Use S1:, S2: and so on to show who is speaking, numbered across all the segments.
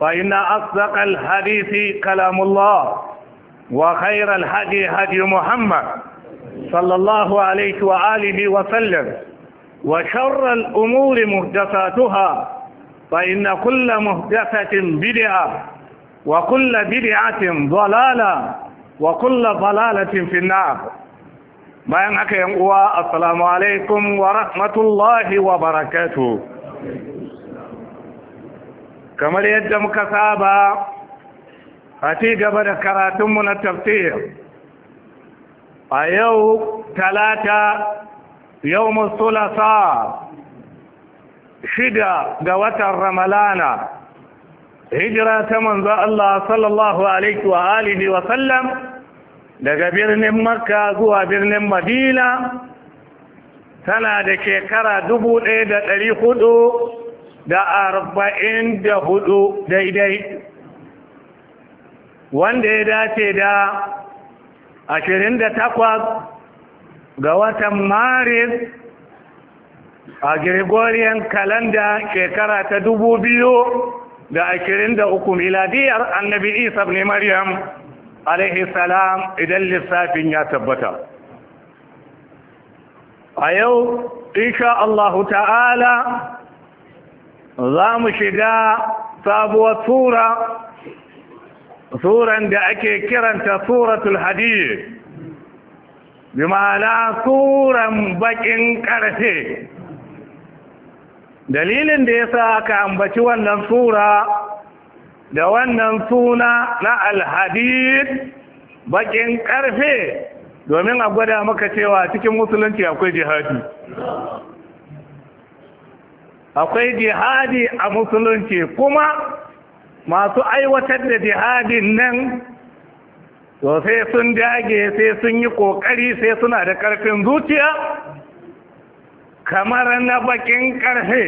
S1: فإن أصدق الحديث كلام الله وخير الهدي هدي محمد صلى الله عليه وآله وسلم وشر الأمور مهدفاتها فإن كل مهدفة بدعة وكل بدعة ضلالة وكل ضلالة في النار ما ينعك ينقوى السلام عليكم ورحمة الله وبركاته kamar yadda muka saba a ci gaba da karatunmu na tafsir a yau talata yau musulasa shida ga watan ramalana hijira ta manzo Allah sallallahu alaihi wa alihi wa sallam daga birnin makka zuwa birnin madina tana da shekara dubu ɗaya da ɗari hudu da arba'in da hudu daidai wanda ya dace da ashirin da takwas ga watan maris a gregorian kalanda shekara ta dubu biyu da ashirin da uku miladiyar annabi isa ne maryam alaihi salam idan lissafin ya tabbata a yau insha Allahu ta'ala za mu shiga sabuwar tura suran da ake kiranta suratul hadid bi ma'ana suran bakin ƙarfe dalilin da ya sa aka ambaci wannan sura da wannan suna na alhadid bakin ƙarfe domin a gwada maka cewa cikin musulunci akwai jihadi akwai jihadi a musulunci kuma masu aiwatar da jihadin nan to sai sun dage sai sun yi kokari sai suna da karfin zuciya kamar na bakin karfe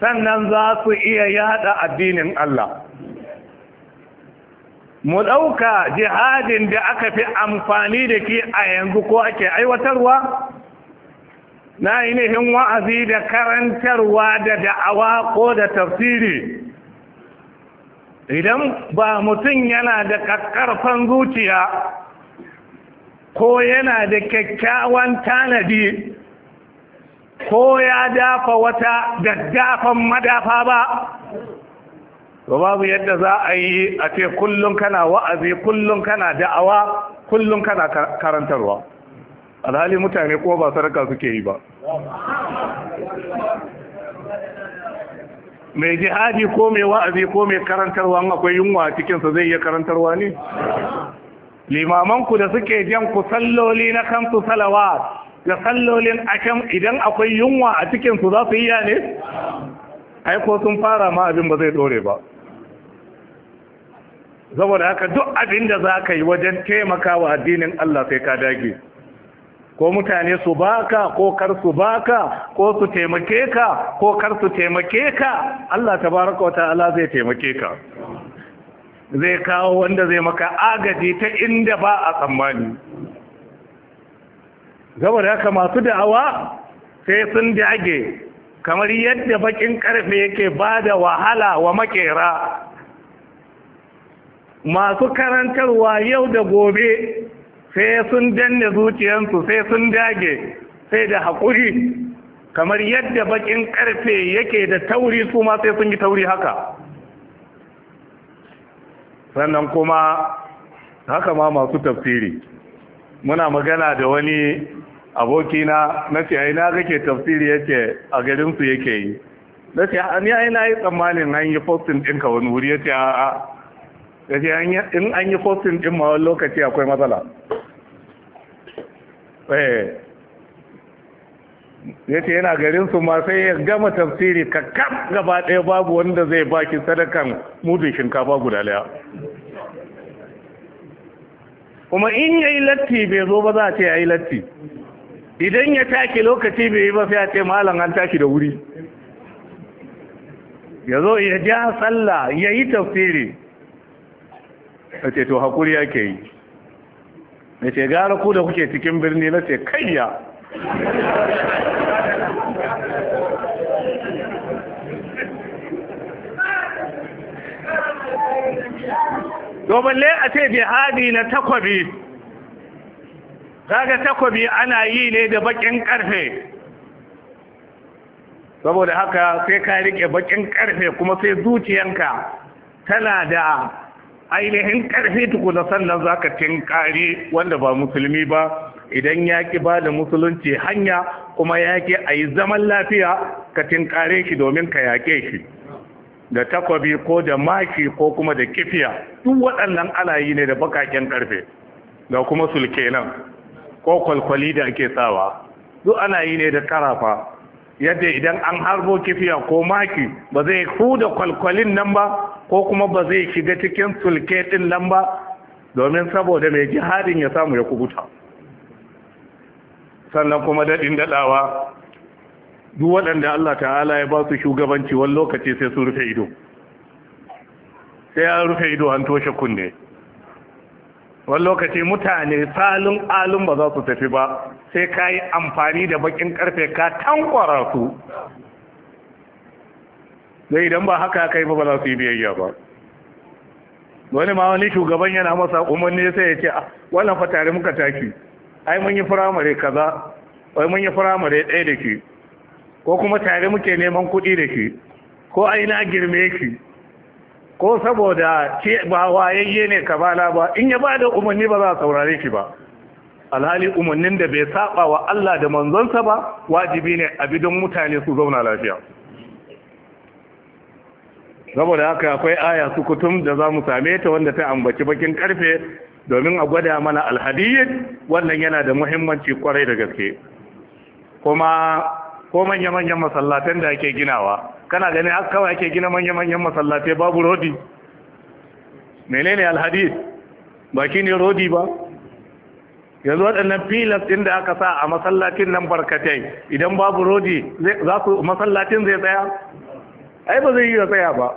S1: sannan za su iya yada addinin Allah mu ɗauka jihadin da aka fi amfani da ke a yanzu ko ake aiwatarwa na ainihin wa'azi da karantarwa da da'awa ko da tafsiri idan ba mutum yana da kakkarfan zuciya ko yana da kyakkyawan tanadi ko ya dafa wata daddafan madafa ba ba babu yadda za a yi a ce kullum kana wa'azi kullum kana da'awa kullum kana karantarwa alhali mutane ko ba sadaka suke yi ba mai jihadi ko mai wa'azi ko mai karantarwa akwai yunwa a cikinsa zai iya karantarwa ne limamanku da suke jan ku salloli na kansu salawa da sallolin akan idan akwai yunwa a cikinsu za su iya ne aiko sun fara ma abin ba zai dore ba saboda haka duk abin da za ka yi wajen taimaka wa addinin Allah sai ka dage ko mutane su baka ko kar su baka ko su taimake ka ko kar su taimake ka Allah tabaraka wa ta'ala zai taimake ka zai kawo wanda zai maka agaji ta inda ba a tsammani gaba da haka masu da'awa sai sun dage kamar yadda bakin karfe yake ba da wahala wa makera masu karantarwa yau da gobe sai sun danne zuciyarsu sai sun dage sai da haƙuri kamar yadda bakin ƙarfe yake da tauri su ma sai sun yi tauri haka sannan kuma haka ma masu tafsiri muna magana da wani abokina na ce aina kake tafsiri yake a garinsu yake yi na ce aina yi tsammanin an yi postin ɗinka wani wuri ya ce a'a gaji in an yi postin din ma lokaci akwai matsala eh. ya ce yana garin su ma sai ya gama tafsiri ka kam gaba ɗaya babu wanda zai baki sadakan mudu shinkafa guda laya. kuma in ya yi latti bai zo ba za a ce ya yi latti idan ya taki lokaci bai yi ba sai a ce malam an tashi da wuri ya zo ya ja sallah ya yi tafsiri na ce to haƙuri ake yi na ce gara ku da kuke cikin birni na ce kayya domin lai a ce jihadi na takwabi kaga takwabi ana yi ne da bakin karfe saboda haka sai ka rike bakin karfe kuma sai zuciyanka tana da ainihin ƙarfi na sannan za ka tinkari wanda ba musulmi ba idan ya ki ba da musulunci hanya kuma ya ki a yi zaman lafiya ka tinkare shi domin ka yaƙe shi da takwabi ko da maki ko kuma da kifiya duk waɗannan alayi ne da bakaken ƙarfe da kuma sulke nan ko kwalkwali da ake tsawa duk yi ne da karafa yadda idan an harbo kifiya ko maki ba zai huda kwalkwalin nan ba ko kuma ba zai shiga cikin sulke din nan ba domin saboda mai jihadin ya samu ya kubuta sannan kuma daɗin daɗawa duk waɗanda Allah ta'ala ya ba su shugabanci wani lokaci sai su rufe ido sai an rufe ido an toshe kunne wani lokaci mutane salin alun ba za su tafi ba sai ka yi amfani da bakin karfe ka tankwara su da idan ba haka kai ba ba za su yi biyayya ba wani ma wani shugaban yana masa umarni sai ya ce ah, wannan fa tare muka taki ai mun yi firamare kaza ai mun yi firamare ɗaya da ke ko kuma tare muke neman kuɗi da ke ko ai na girme ki ko saboda ce ba wayayye ne kabala ba in ya ba da umarni ba za a saurare ki ba alhali umarnin da bai saba wa Allah da manzonsa ba wajibi ne a bidon mutane su zauna lafiya saboda haka akwai aya su kutum da za mu same ta wanda ta ambaci bakin karfe domin a gwada mana alhadiyyar wannan yana da muhimmanci kwarai da gaske kuma ko manya-manyan masallatan da ake ginawa kana gani haka kawai ake gina manya-manyan masallatai babu rodi menene alhadiyyar ba ne rodi ba yanzu waɗannan filas ɗin da aka sa a masallacin nan barkatai idan babu rodi za su masallacin zai tsaya ai ba zai yi tsaya ba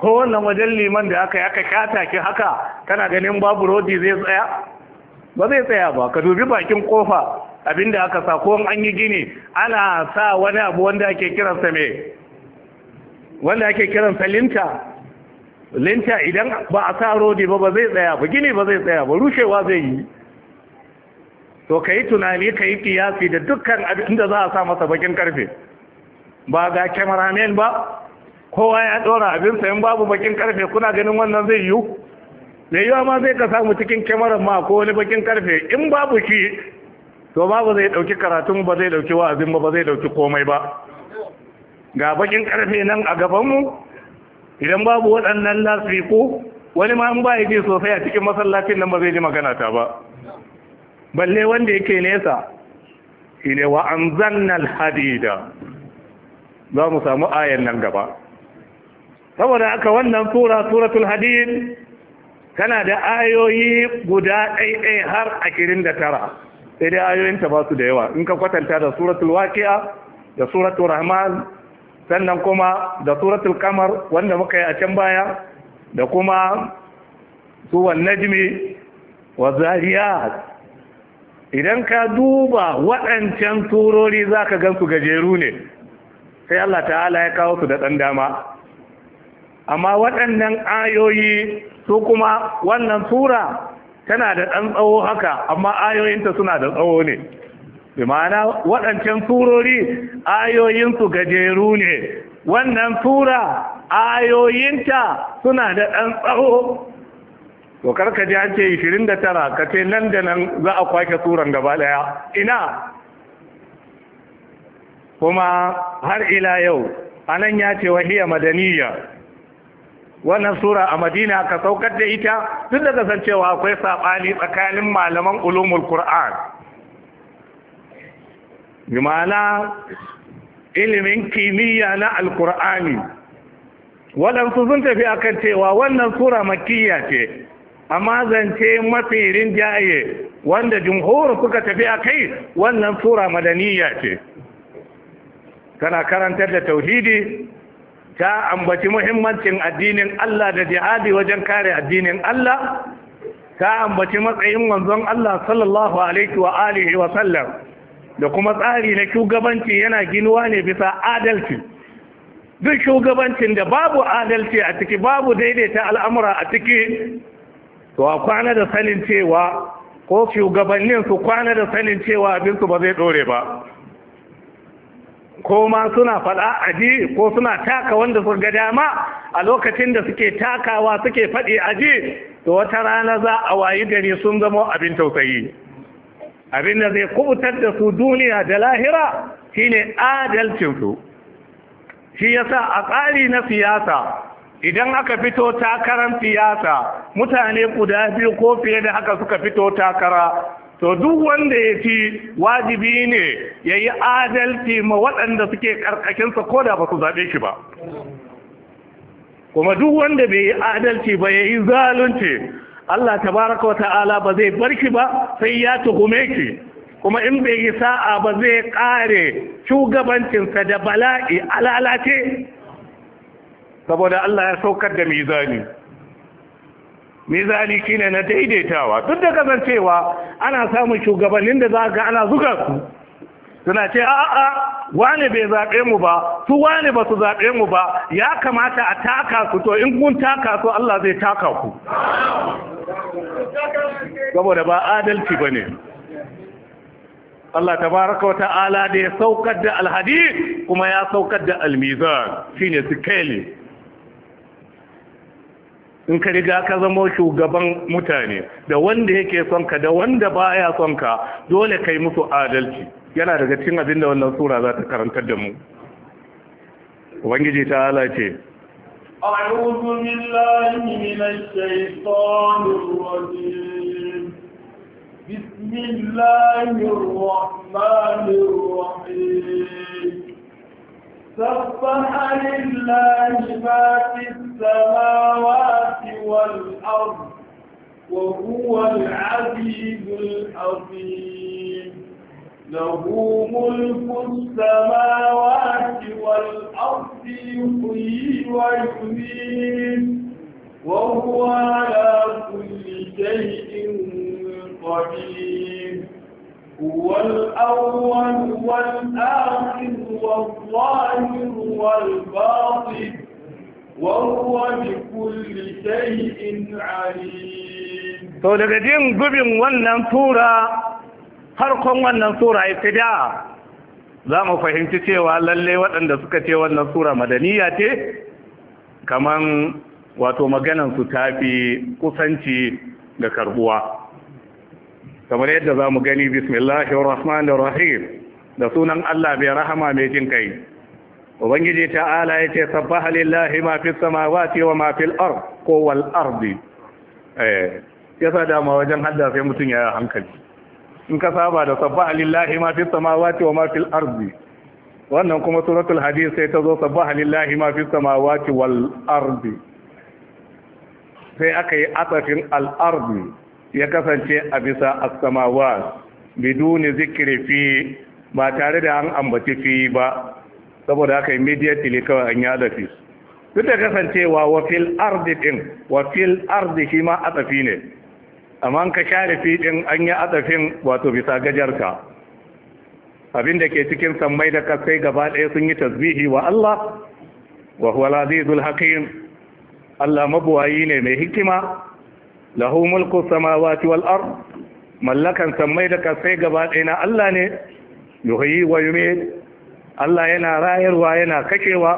S1: ko wannan wajen liman da aka yi aka kata ki haka kana ganin babu rodi zai tsaya ba zai tsaya ba ka dubi bakin kofa abinda aka sa ko an yi gini ana sa wani abu wanda ake kiransa mai wanda ake kiransa linta linta idan ba a sa rodi ba ba zai tsaya ba gini ba zai tsaya ba rushewa zai yi to ka yi tunani ka yi kiyasi da dukkan abin da za a sa masa bakin karfe ba ga cameraman ba kowa ya ɗora abin sayan babu bakin karfe kuna ganin wannan zai yiwu da yiwa ma zai ka samu cikin kyamarar ma ko wani bakin karfe in babu shi to babu zai ɗauki karatun ba zai ɗauki wa'azin ba ba zai ɗauki komai ba ga bakin karfe nan a gabanmu idan babu waɗannan ko wani ma in ba ya ji sosai a cikin masallacin nan ba zai ji magana ta ba balle wanda yake nesa shine wa an anzalnal hadida za mu samu ayan nan gaba saboda aka wannan tura, suratul hadid tana da ayoyi guda ɗaiɗai har a kirin da tara sai dai ayoyinta ba su da yawa in ka kwatanta da suratul waqi'a da suratul rahman sannan kuma da suratul kamar wanda muka yi a can baya da kuma suwan najmi wa Zariya. idan ka duba waɗancan turori za ka gansu gajeru ne sai Allah ta'ala ya kawo su da ɗan dama amma waɗannan ayoyi su kuma wannan tura tana da ɗan tsawo haka amma ayoyinta suna da tsawo ne bi ma'ana waɗancan turori ayoyinsu gajeru ne wannan tura ayoyinta suna da ɗan tsawo to karka ji an ce 29 ka ce nan da nan za a kwake suran gaba daya ina kuma har ila yau anan ya ce wahiya madaniya wannan sura a madina ka saukar da ita duk da cewa akwai saɓani tsakanin malaman ulumul qur'an gimana ilimin kimiyya na alkur'ani waɗansu sun tafi akan cewa wannan sura makiyya ce amma zance mafi rinjaye wanda jumhur suka tafi a kai wannan sura madaniya ce tana karantar da tauhidi ta ambaci muhimmancin addinin Allah da jihadi wajen kare addinin Allah ta ambaci matsayin wanzan Allah sallallahu alaihi wa alihi wa sallam da kuma tsari na shugabanci yana ginuwa ne bisa adalci duk shugabancin da babu adalci a ciki babu daidaita al'amura a ciki to a kwana da sanin cewa ko shugabannin su kwana da sanin cewa abinsu ba zai dore ba ko ma suna faɗa aji ko suna taka wanda su ga dama a lokacin da suke takawa suke faɗi aji to wata rana za a wayi gari sun zama abin tausayi abin da zai kubutar da su duniya da lahira shine adalcinsu shi yasa a tsari na siyasa idan aka fito takarar siyasa mutane guda biyu ko fiye da haka suka fito takara to duk wanda ya ci wajibi ne ya yi adalci ma waɗanda suke ƙarƙashinsa ko da ba su zaɓe shi ba kuma duk wanda bai yi adalci ba ya yi zalunci Allah tabaraka wata'ala ba zai bar shi ba sai ya tuhume shi kuma in bai yi sa'a ba zai ƙare shugabancinsa da bala'i alalace saboda Allah ya saukar da mizani mizani shine na daidaitawa duk da kasancewa ana samun shugabannin da za ga ana zuga su suna ce a'a wane bai zaɓe mu ba su wane ba su zaɓe mu ba ya kamata a taka su to in kun taka su Allah zai taka ku saboda ba adalci ba ne Allah tabaraka ala da ya saukar da alhadis kuma ya saukar da almizan shine sikeli in ka riga ka zama shugaban mutane da wanda yake son ka da wanda ba ya son ka dole kai musu adalci yana daga cikin abin da wannan sura za ta karantar da mu ubangiji ta ala ce
S2: أعوذ بالله من الشيطان الرجيم بسم الله الرحمن الرحيم سبح لله ما في السماوات والأرض وهو العزيز الحكيم له ملك السماوات والأرض يحيي ويميت وهو على كل شيء قدير والأول والآخر والظاهر والباطل وهو بكل شيء عليم
S1: to daga jin gubin wannan tura harkon wannan sura ibtida za mu fahimci cewa lalle waɗanda suka ce wannan sura madaniya ce kaman wato maganan su tafi kusanci ga karbuwa kamar yadda za mu gani bismillahir rahmanir rahim da sunan Allah mai rahama mai jin kai ubangiji ta'ala yace sabbaha lillahi ma fis samawati wa ma fil ard ko wal ardi eh yasa da ma wajen hadda sai mutun ya hankali in ka saba da sabbaha lillahi ma fis samawati wa ma fil ardi wannan kuma suratul hadid sai ta zo sabbaha lillahi ma fis samawati wal ardi sai aka yi asafin al ya kasance a bisa Asamawa samawa biduni zikirifi fi ba tare da an ambaci fi ba saboda haka immediately kawai an yada fi duk da kasancewa wa fil ardi din wa fil ardi shi ma atafi ne amma ka share fi din an yi atafin wato bisa gajarka abin da ke cikin sammai da kasai gaba ɗaya sun yi tasbihi wa Allah wa huwa al-azizul hakim Allah mabuwayi ne mai hikima lahu mulku samawati wal ard mallakan sammai da kasai gaba ɗaya na Allah ne yuhyi wa yumiit Allah yana rayarwa yana kashewa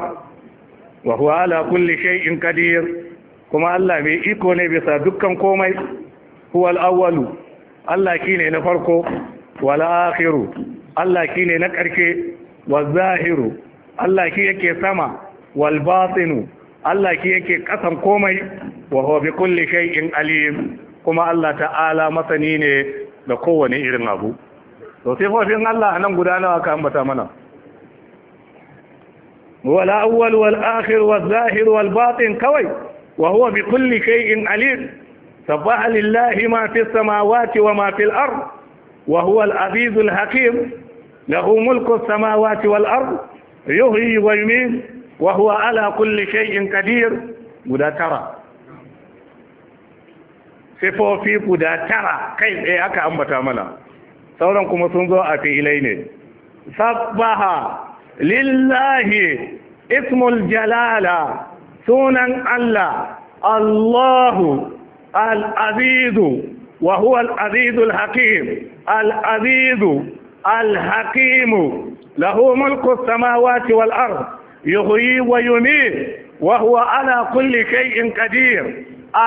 S1: wa huwa ala kulli shay'in qadir kuma Allah mai iko ne bisa dukkan komai huwa al-awwalu Allah kine na farko wal akhiru Allah kine na ƙarshe wal zahiru Allah ki yake sama wal batinu Allah ki yake kasan komai wa huwa bi kulli shay'in alim kuma Allah ta'ala masani ne da kowane irin abu to sai fofin Allah nan guda nawa ka ambata mana wal awwal wal akhir wal zahir wal batin kawai wa huwa bi kulli shay'in alim sabaha lillahi ma fi samawati wa ma fil ard wa huwa al azizul hakim lahu mulku samawati wal ard yuhyi wa yumiitu Wahuwa ala kulli shay'in qadir guda tara sifofi guda tara kai tsaye aka ambata mana sauran kuma sun zo a filai ne sabbaha lillahi ismul jalala sunan Allah Allahu Al'azizu. Wahuwal wa al-azizu hakim alazizu azizu al-hakim lahu mulku samawati wal-ard يغيي ويميت وهو على كل شيء قدير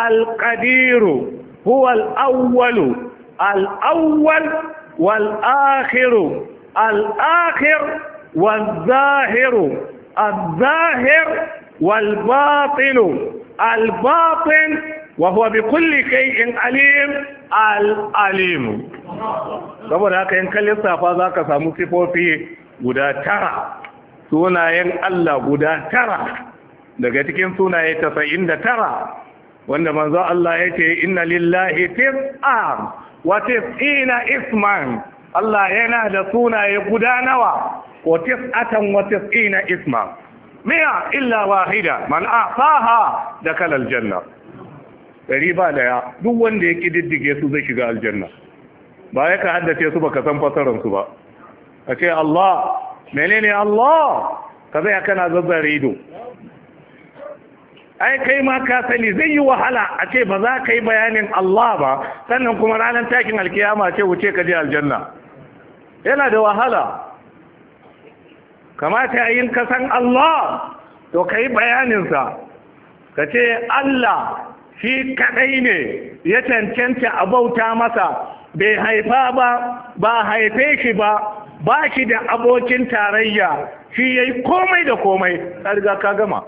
S1: القدير هو الأول الأول والآخر الآخر والظاهر الظاهر والباطن الباطن وهو بكل شيء عليم العليم saboda haka in ka lissafa za ka samu sifofi guda tara sunayen Allah guda tara daga cikin sunaye tasa'in da tara wanda manzo Allah ya ce inna lillahi tis'a wa tis'ina isman Allah yana da sunaye guda nawa ko tis'atan wa tis'ina isman miya illa wahida man asaha da kalal janna dari ba daya duk wanda ya kididdige su zai shiga aljanna ba ya ka haddace su baka san fasaran su ba a ce Allah menene Allah ka zai kana zazzare ido ai kai ma ka sani zai yi wahala a ce ba za ka yi bayanin Allah ba sannan kuma ranar takin alkiyama ce wuce ka je aljanna yana da wahala kamata a yin ka Allah to ka yi bayaninsa ka ce Allah shi kaɗai ne ya cancanta a bauta masa bai haifa ba ba haife shi ba ba shi da abokin tarayya shi ya yi komai da komai ka ka gama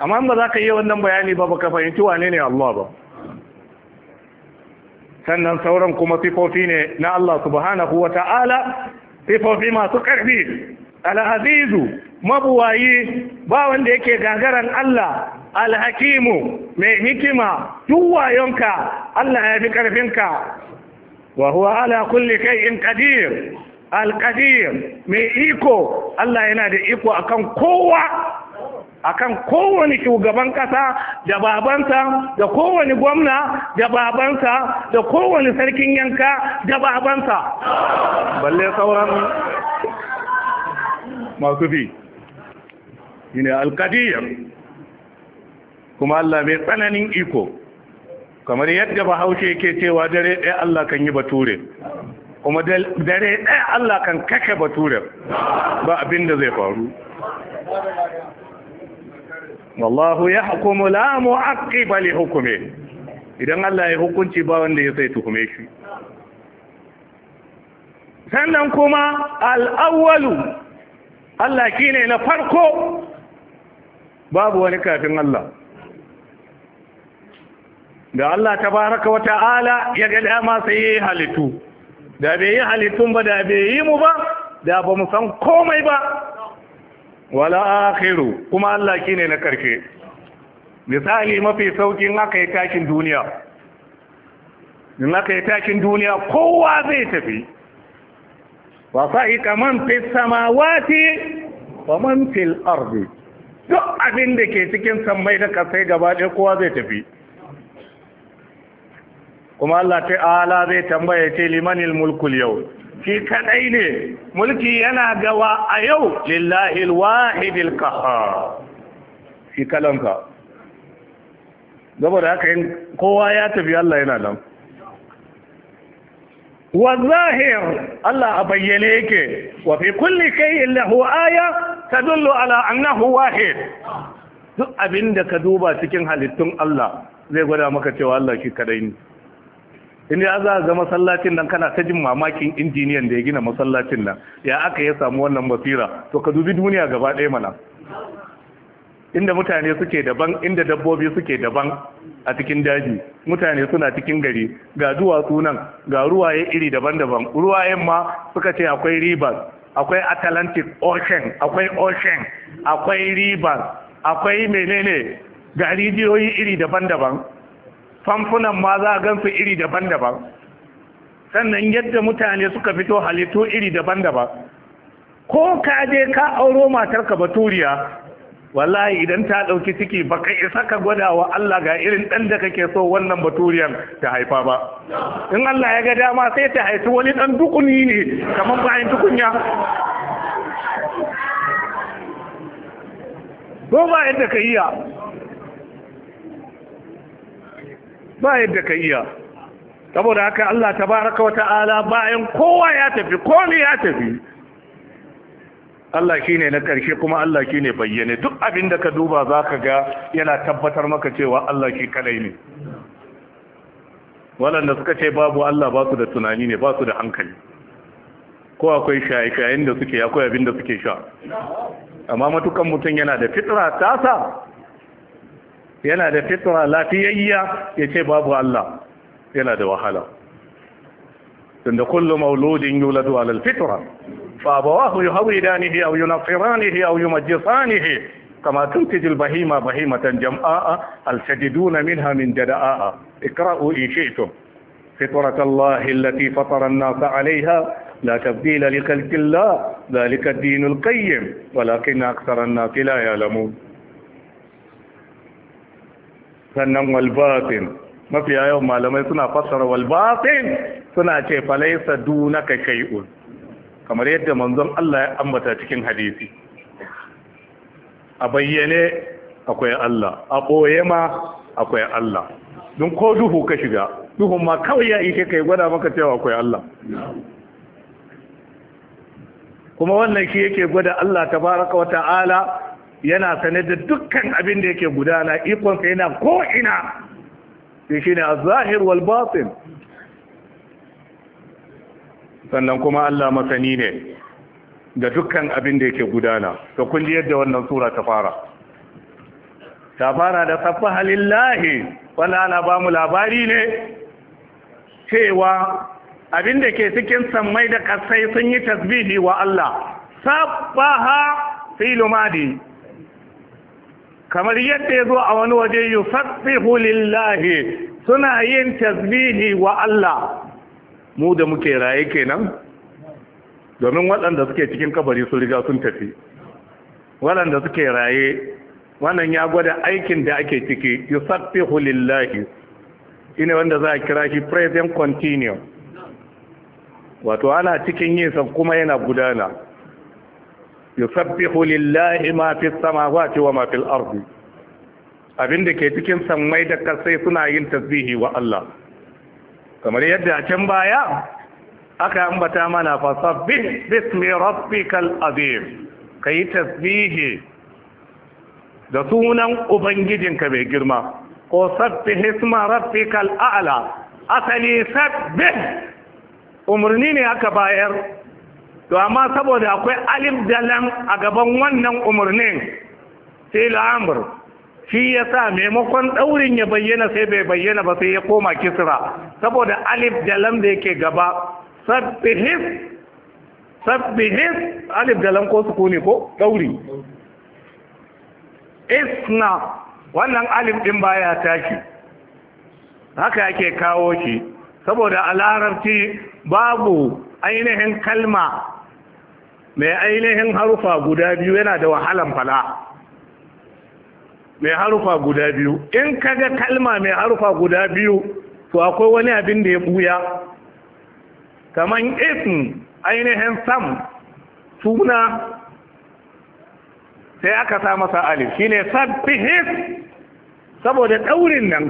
S1: amma ba za ka yi wannan bayani ba ba ka fahimci wane ne Allah ba sannan sauran kuma fifofi ne na Allah subhanahu wa ta'ala Fifofi masu ƙarfi al'azizu mabuwayi ba wanda yake gagaran Allah alhakimu mai hikima duwayonka Allah ya fi ƙarfinka wa huwa ala kulli kai in kadir alƙadir mai iko Allah yana da iko akan kowa akan kowane shugaban ƙasa da babansa da kowane gwamna da babansa da kowane sarkin yanka da babansa balle sauran masu fi shi ne alƙadir kuma Allah mai tsananin iko kamar yadda bahaushe ke cewa dare ɗaya Allah kan yi bature kuma dare ɗaya Allah kan kake baturen ba abin da zai faru wallahu ya hukumu lamu mu'aqqiba bali hukume, idan Allah ya hukunci ba wanda ya sai tuhume shi sannan kuma al'awwalu Allah ki ne na farko babu wani kafin Allah da Allah tabaraka wa ta'ala ya ga dama sai halittu da bai yi halittun ba da bai yi mu ba da ba mu san komai ba wala akhiru kuma Allah ne na karshe misali mafi saukin akai takin duniya in aka yi takin duniya kowa zai tafi wa sa'i kaman fi samawati wa man fil ardi duk abin da ke cikin sammai da kasai gaba ɗaya kowa zai tafi kuma Allah ta'ala zai tambaya ce limanil mulkul yau shi kadai ne mulki yana gawa a yau lillahi alwahidil qahhar shi kalanka saboda haka yin kowa ya tafi Allah yana nan wa zahir Allah a bayyane yake wa fi kulli shay'in lahu aya tadullu ala annahu wahid duk abinda ka duba cikin halittun Allah zai gwada maka cewa Allah shi kadai ne in ya za a ga masallacin nan kana ta jin mamakin injiniyan da ya gina masallacin nan ya aka ya samu wannan basira to ka dubi duniya gaba ɗaya mana inda mutane suke daban inda dabbobi suke daban a cikin daji mutane suna cikin gari ga duwatsu nan ga ruwaye iri daban-daban ruwayen ma suka ce akwai rivers akwai atlantic ocean akwai ocean akwai rivers akwai menene ga rijiyoyi iri daban-daban famfunan ma za a gansu iri daban-daban sannan yadda mutane suka fito halittu iri daban-daban ko ka je ka auro matarka baturiya wallahi idan ta ɗauki ciki ba kai isa ka gwada wa Allah ga irin dan da kake so wannan baturiyan ta haifa ba in Allah ya ga dama sai ta haifi wani dan dukuni ne kamar bayan tukunya
S3: ko ba yadda ka ya.
S1: ba yadda ka iya saboda haka Allah ta baraka wa ta'ala bayan kowa ya tafi komai ya tafi Allah shi ne na ƙarshe kuma Allah shi ne bayyane duk abin da ka duba za ka ga yana tabbatar maka cewa Allah shi kadai ne waɗanda suka ce babu Allah ba su da tunani ne ba su da hankali ko akwai shaye-shayen da suke akwai abin da suke sha amma matukan mutum yana da fitra tasa yana da fitra lafiyayya ya ce babu Allah yana da wahala tunda kullu mauludin yuladu ala alfitra fa abawahu yuhawidanihi aw yunafiranihi aw yumajjisanihi kama tuntiji albahima bahimatan jam'a altajiduna minha min jada'a ikra'u in shi'tum فطرة الله التي فطر الناس عليها لا تبديل لخلق الله ذلك الدين القيم ولكن أكثر الناس لا يعلمون sannan walbatin mafi yawan malamai suna fassara walbatin suna ce falaisa dunaka shay'un kamar yadda manzon Allah ya ambata cikin hadisi a bayyane akwai Allah a ɓoye ma akwai Allah don ko duhu ka shiga duhun ma kawai ya ishe kai gwada maka cewa akwai Allah kuma wannan shi yake gwada Allah tabaraka wa ta'ala yana sane da dukkan abin da yake gudana ikonsa yana ko'ina shi shi ne a zahir walbatin sannan kuma Allah masani ne da dukkan abin da yake gudana da ji yadda wannan sura ta fara ta fara da safa halillahi wanda ba mu labari ne cewa abin da ke cikin sammai da kasai sun yi tasbihi wa Allah sabbaha filumadi kamar yadda ya zo a wani waje yusabbihu lillahi suna yin tasbihi wa Allah mu da muke raye kenan domin waɗanda suke cikin kabari sun riga sun tafi waɗanda suke raye wannan ya gwada aikin da ake ciki yusabbihu lillahi shine wanda za a kira shi present continuous wato ana cikin yin sa kuma yana gudana yusabbihu lillahi ma fi samawati wa ma fil abin da ke cikin sammai da kasai suna yin tasbihi wa Allah kamar yadda a can baya aka ambata mana fasabbih bismi rabbikal azim kai tasbihi da sunan ubangijinka mai girma ko sabbih isma rabbikal a'la asali sabbih umarni ne aka bayar to amma saboda akwai alif da lam a gaban wannan umarnin sai la'amur shi ya sa maimakon ɗaurin ya bayyana sai bai bayyana ba sai ya koma kisra saboda alif da lam da yake gaba sabbihis sabbihis alif da lam ko sukuni ko ɗauri isna wannan alif ɗin baya tashi haka yake kawo shi saboda a larabci babu ainihin kalma mai ainihin harufa guda biyu yana da wahalan fala mai harufa guda biyu in kaga kalma mai harufa guda biyu to akwai wani abin da ya buya kaman ism ainihin sam suna sai aka sa masa alif shine sabbihis saboda daurin nan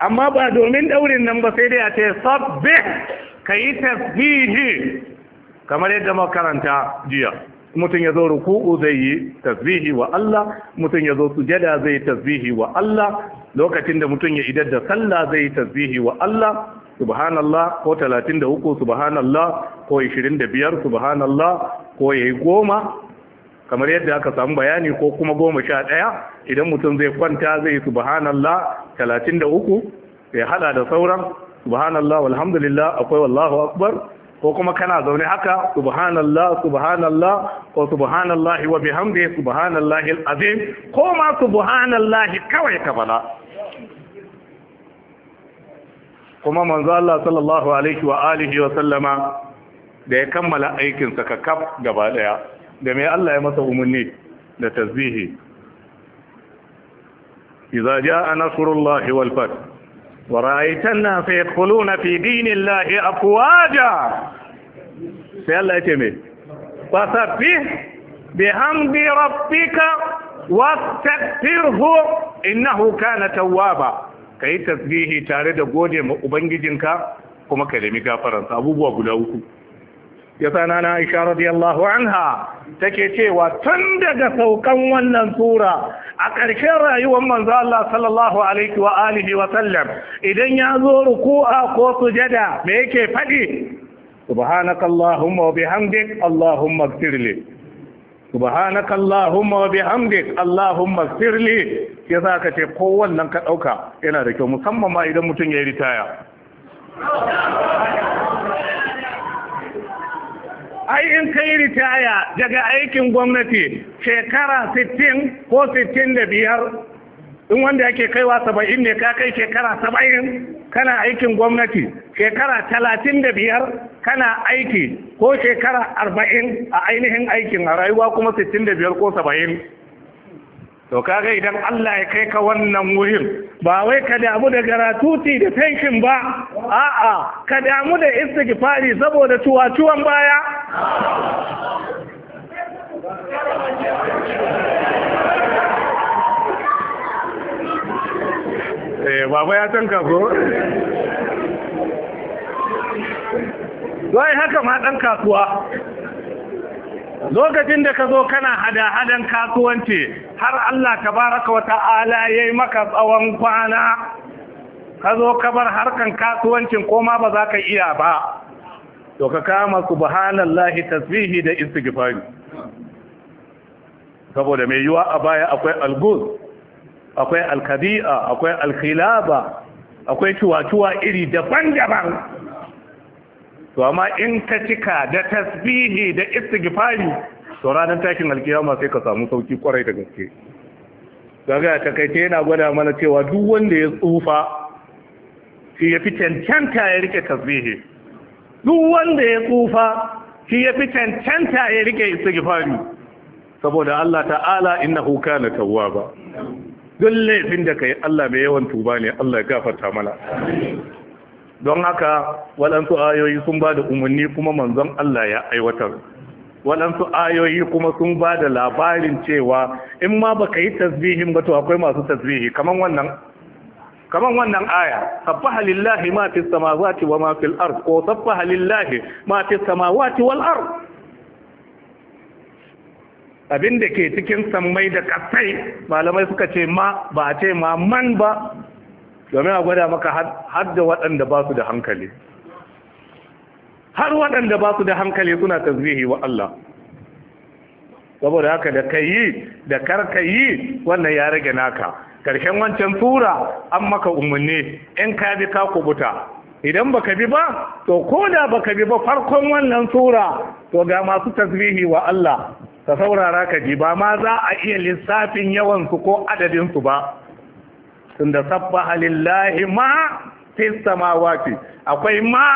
S1: amma ba domin daurin nan ba sai dai a ce sabbih kayi tasbihi kamar yadda makaranta jiya mutum ya zo ruku'u zai yi tasbihi wa Allah mutum ya zo sujada zai tasbihi wa Allah lokacin da mutum ya idar da sallah zai yi tasbihi wa Allah subhanallah ko 33 subhanallah ko 25 subhanallah ko yayi goma kamar yadda aka samu bayani ko kuma goma sha ɗaya idan mutum zai kwanta zai yi subhanallah 33 ya hada da sauran subhanallah walhamdulillah akwai wallahu akbar ko kuma kana zaune haka subhanallah subhanallah ko subhanallah wa bihamdihi subhanallah, alazim ko ma subhanallah kawai ka bala kuma manzo Allah sallallahu alaihi wa alihi wa sallama da ya kammala aikin sa kakaf gaba daya da me Allah ya masa umarni da tasbihi idza jaa nasrullahi wal fath ra'aitan na sai kulu na fi dinin lahi a kuwaja sai Allah ce mai ba safi bi hamdi rabbika wa tattirhu innahu kana tawwaba kai tasbihi tare da gode ubangijinka kuma ka nemi gafaransa abubuwa guda uku ya sana na aisha radiyallahu anha take cewa tun daga saukan wannan tura a ƙarshen rayuwar manzo Allah sallallahu alaihi wa alihi wa sallam idan ya zo ruku'a ko sujada me yake faɗi subhanakallahumma wa bihamdik allahumma ighfirli subhanaka allahumma wa bihamdik allahumma ighfirli yasa ka ce ko wannan ka dauka yana da kyau musamman ma idan mutum ya yi ritaya
S3: ai in kai ritaya daga
S1: aikin gwamnati shekara 60 ko 65 in wanda yake kaiwa saba'in ne ka kai shekara saba'in kana aikin gwamnati shekara 35 kana aiki ko shekara 40 a ainihin aikin a rayuwa kuma 65 ko saba'in? to kaga idan Allah ya kai ka wannan wurin ba wai ka damu da garatuti da tankin ba a'a ka damu da istighfari saboda tuwatuwan baya eh baba ya tanka ko wai haka ma dan kasuwa lokacin da ka zo kana hada-hadan kasuwanci har Allah baraka wa ta'ala ya yi maka tsawon kwana ka zo ka bar harkan kasuwancin koma ba za ka iya ba to ka kama lahi tasbihi da istigifari saboda mai yiwa a baya akwai algus akwai alkadi'a akwai alkhilaba akwai cuwa-cuwa iri daban-daban to amma in ka cika da tasbihi da istighfari to ranar takin alkiyama sai ka samu sauki kwarai da gaske daga ta yana gwada mana cewa duk wanda ya tsufa shi ya fi cancanta ya rike tasbihi duk wanda ya tsufa shi ya fi cancanta ya rike istighfari saboda Allah ta'ala innahu kana tawwaba duk laifin da kai Allah mai yawan tuba ne Allah ya gafarta mana don haka waɗansu ayoyi sun ba da umarni kuma manzon Allah ya aiwatar waɗansu ayoyi kuma sun ba da labarin cewa in ma baka yi tasbihin ba to akwai masu tasbihi kaman wannan kamar wannan aya sabbaha lillahi ma fi samawati wa ma fil ard ko sabbaha lillahi ma fi samawati wal ard abinda ke cikin sammai da kasai malamai suka ce ma ba a ce ma man ba domin a gwada maka har da waɗanda ba su da hankali har waɗanda ba su da hankali suna tasbihi wa Allah saboda haka da ka yi da karka yi wannan ya rage naka karshen wancan tura an maka umarni in ka bi ka kubuta idan baka bi ba to ko da baka bi ba farkon wannan tura to ga masu tasbihi wa Allah ka saurara ka ji ba ma za a iya lissafin yawansu ko adadinsu ba tunda sabba halillahi ma fi samawati akwai ma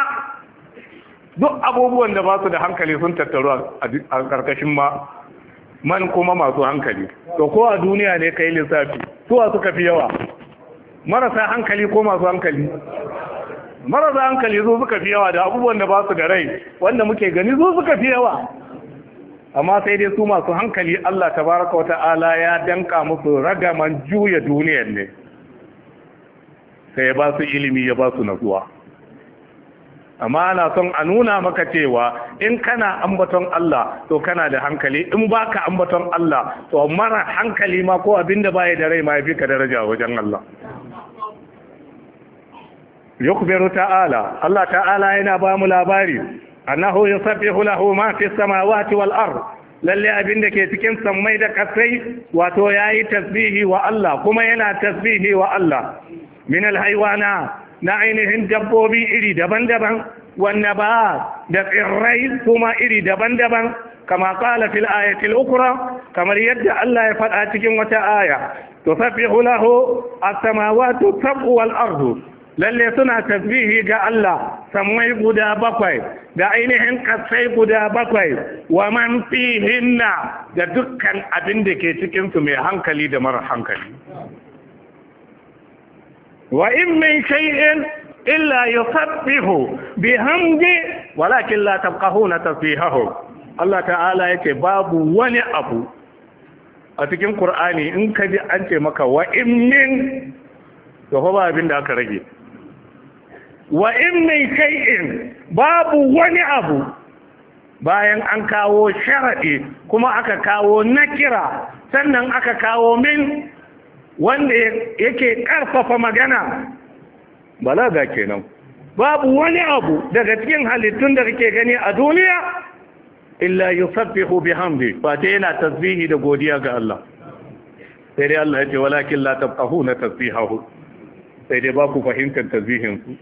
S1: duk abubuwan da ba su da hankali sun tattaru a karkashin ma man kuma masu hankali to ko a duniya ne kai lissafi suwa suka fi yawa marasa hankali ko masu hankali marasa hankali su suka fi yawa da abubuwan da ba su da rai wanda muke gani su suka fi yawa amma sai dai su masu hankali Allah tabaraka wa ta'ala ya danka musu ragaman juya duniyar ne sai ya ba su ilimi ya ba su natsuwa amma ana son a nuna maka cewa in kana ambaton Allah to kana da hankali in baka ambaton Allah to mara hankali ma ko abinda baya da rai ma yafi ka daraja wajen Allah yukbiru ta'ala Allah ta'ala yana ba mu labari annahu yusabbihu lahu ma fi samawati wal ard lalle abinda ke cikin samai da kasai wato yayi tasbihi wa Allah kuma yana tasbihi wa Allah min alhaiwana na ainihin dabbobi iri daban-daban wanda ba da tsirrai kuma iri daban-daban kama kala fil ayatil ukra kamar yadda Allah ya faɗa cikin wata aya tusabbihu lahu as-samawati sab'u wal ardu lalle suna tasbihi ga Allah sammai guda bakwai da ainihin kasai guda bakwai wa man fihinna da dukkan abin da ke cikin su mai hankali da mara hankali in min shay'in illa yusabbihu bihamdi walakin la تفقهون tafihahu Allah ta'ala yake babu wani abu a cikin Kur'ani in ka ji an ce maka wa in min da ba abin da aka rage wa in min shay'in babu wani abu bayan an kawo sharadi kuma aka kawo nakira sannan aka kawo min wanda yake karfafa magana balaga kenan babu wani abu daga cikin halittun da kake gani a duniya illa yusabbihu bihamdi ba ta yana tasbihi da godiya ga Allah sai dai Allah ya ce walakin la na tasbihahu sai dai ba ku fahimtar tasbihin su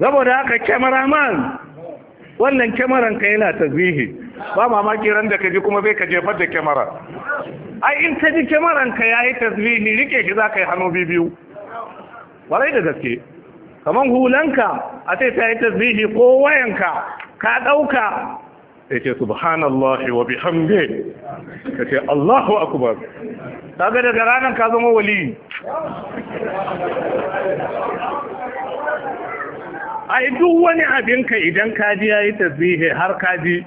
S1: saboda haka cameraman wannan kamaran ka yana tasbihi ba mamaki ran da ka ji kuma zai ka jefar da kamara. ai in ka ji maranka ya yi tasbihi rike shi za ka yi hannu biyu warai da gaske kamar hulanka a ce ta yi tasbihi ko wayanka ka ɗauka ya ce subhanallah wa bihamdi ka ce allahu akbar ga daga ranar ka zama wali yi duk wani abinka idan kaji ya yi tasbihi har kaji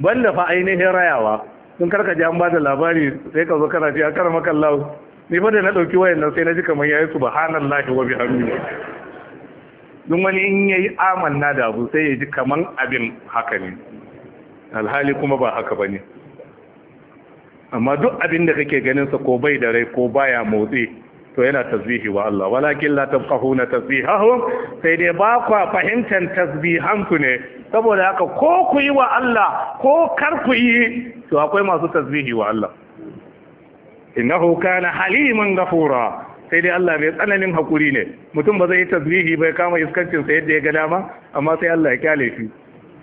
S1: banda fa ainihin rayawa sun karka ji an ba da labari sai ka zo kana ji a kar maka Allah ni fa da na dauki wayan nan sai na ji kamar yayi subhanallahi wa bihamdi duk wani in yayi amanna da abu sai ya ji kaman abin haka ne alhali kuma ba haka bane amma duk abin da kake ganin sa ko bai da rai ko baya motsi to yana tasbihi wa Allah walakin la tafqahuna tasbihahum sai dai ba kwa fahimtar tasbihanku ne saboda haka ko ku yi wa Allah ko kar ku yi to akwai masu tasbihi wa Allah innahu kana haliman ghafura sai dai Allah mai tsananin hakuri ne mutum ba zai yi tasbihi bai kama iskancin sa yadda ya ga dama amma sai Allah ya kyale shi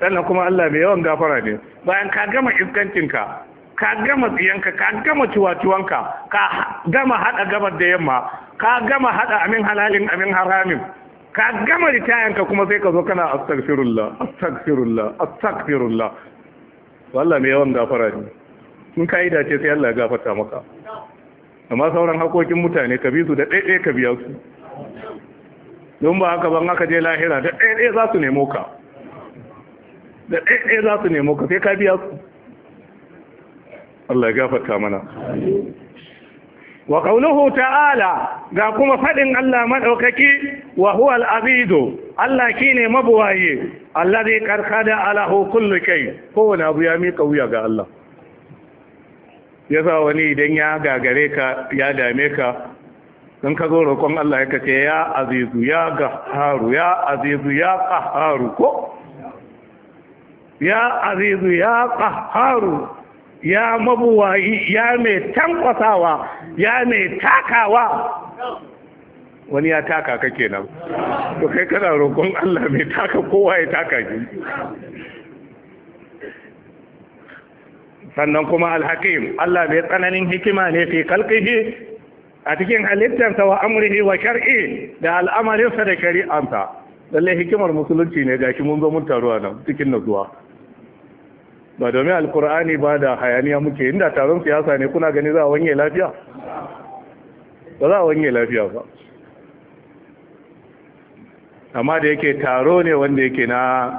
S1: sannan kuma Allah mai yawan gafara ne bayan ka gama iskancin ka ka gama tsiyanka ka gama ciwaciwanka ka gama hada gabar da yamma ka gama hada amin halalin amin haramin ka gama ritayanka kuma sai ka zo kana astagfirullah astagfirullah astagfirullah wallahi mai yawan gafara ne in ka yi dace sai Allah ya gafarta maka amma sauran hakokin mutane ka bi su da ɗaiɗai ka biya su don ba haka ban aka je lahira da ɗaiɗai za su nemo ka da ɗaiɗai za su nemo ka sai ka biya su Allah ya gafarta mana wa qawluhu ta'ala ga kuma faɗin Allah maɗaukaki, wa huwa al-abidu Allah kine mabuwaye alladhi qarqada alahu kullu kai kowane abu ya mika wuya ga Allah yasa wani idan ya gagare ka ya dame ka don ka zo roƙon Allah ya ce ya azizu ya gaharu ya azizu ya qaharu ko ya azizu ya qaharu ya mabuwayi ya mai tankwasawa ya mai takawa wani ya taka ka kenan to kai kana roƙon Allah mai taka kowa ya taka ki sannan kuma alhakim Allah mai tsananin hikima ne fi kalkihi a cikin halittarsa wa amrihi wa shar'i da al'amarinsa da shari'ansa lalle hikimar musulunci ne gashi mun zo mun taruwa nan cikin nazuwa ba domin alkur'ani ba da hayaniya muke inda taron siyasa ne kuna gani za a wanye lafiya ba za a wanye lafiya ba amma da yake taro ne wanda yake na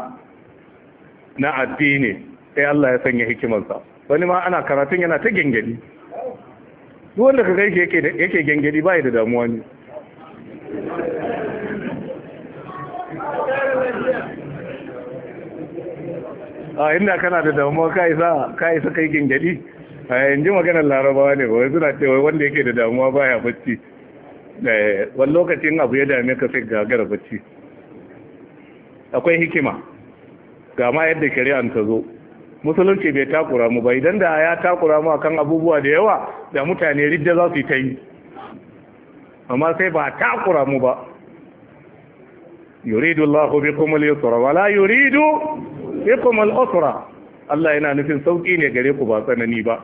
S1: na addini sai Allah ya sanya hikimarsa wani ma ana karatun yana ta gengedi duk wanda ka gaishe yake yake gengedi ba da damuwa ne a inda kana da damuwa ka sa ka isa kai gingadi a yanzu maganar larabawa ne wai suna cewa wanda yake da damuwa baya bacci eh, wani lokacin abu ya dame ka sai gagara bacci akwai hikima ga ma yadda shari'an ta zo musulunci bai takura mu ba idan da ya takura mu akan abubuwa da yawa da mutane ridda za su yi ta yi amma sai ba takura mu ba yuridu Allahu bikum al-yusra wala yuridu yusikum al-usra Allah yana nufin sauki ne gare ku ba tsanani ba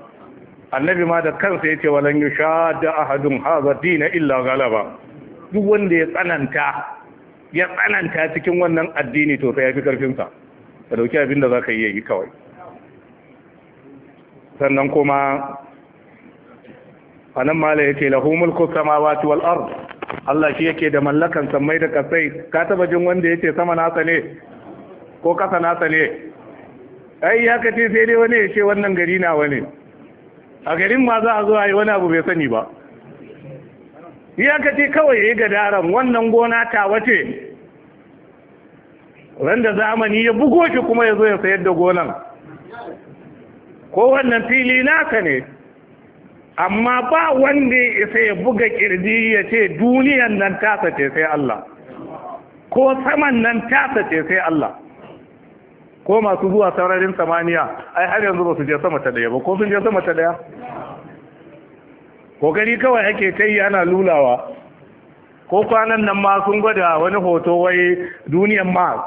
S1: annabi ma da kansa yace walan yushadda ahadun hadha dina illa ghalaba duk wanda ya tsananta ya tsananta cikin wannan addini to sai ya fi karfin sa ka dauki abin da zaka yi kawai sannan kuma anan mala yace lahu mulku samawati wal ard Allah shi yake da mallakan sammai da kasai ka taba jin wanda yace sama nasa ne ko kasa nasa ne ai ya kace sai dai wani ya ce wannan gari na wani a garin ma za a zo a yi wani abu bai sani ba ya kace kawai ya yi gadaran wannan gona ta wace randa zamani ya bugo shi kuma ya zo ya sayar da gonan ko wannan fili naka ne amma ba wanda isa ya buga kirji ya ce duniyan nan tasa ce sai Allah ko saman nan tasa ce sai Allah ko masu zuwa sararin samaniya ai har yanzu ba su je sama ta daya ba ko sun je sama ta daya kokari kawai ake ta yi ana lulawa ko kwanan nan ma sun gwada wani hoto wai duniyan mars